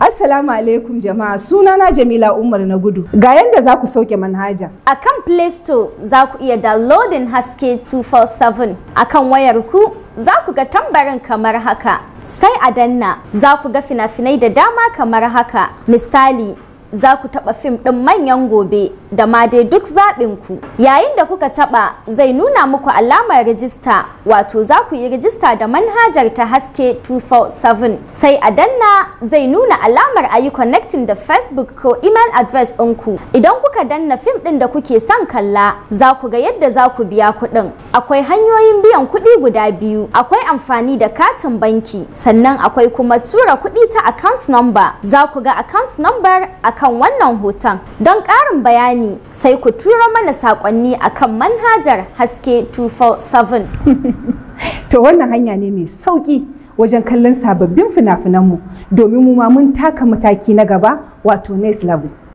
Assalamu alaikum jama'a sunana Jamila Umar na gudu. Ga yadda za ku sauke manhaja. A kan Play Store za ku iya downloading haske 247 a kan wayarku za ku ga tambarin kamar haka. Sai a danna za ku ga fina-finai da dama kamar haka. Misali za ku taɓa fim ɗin manyan gobe da ma dai duk ku. Yayin da kuka taɓa zai nuna muku alamar rijista wato za ku yi rijista da manhajar ta haske 247 sai a danna zai nuna alamar ayi connecting da Facebook ko email address ɗinku. Idan kuka danna fim ɗin da kuke son kalla za ku ga yadda za ku biya kuɗin. Akwai hanyoyin biyan kuɗi guda biyu akwai amfani da katin banki sannan akwai kuma tura kuɗi ta account number za ku ga account number account kan wannan hoton don ƙarin bayani sai ku tura mana saƙonni akan manhajar haske 247 to wannan hanya ne mai sauƙi wajen kallon sababbin fina-finanmu domin mu ma mun taka mataki na gaba wato next level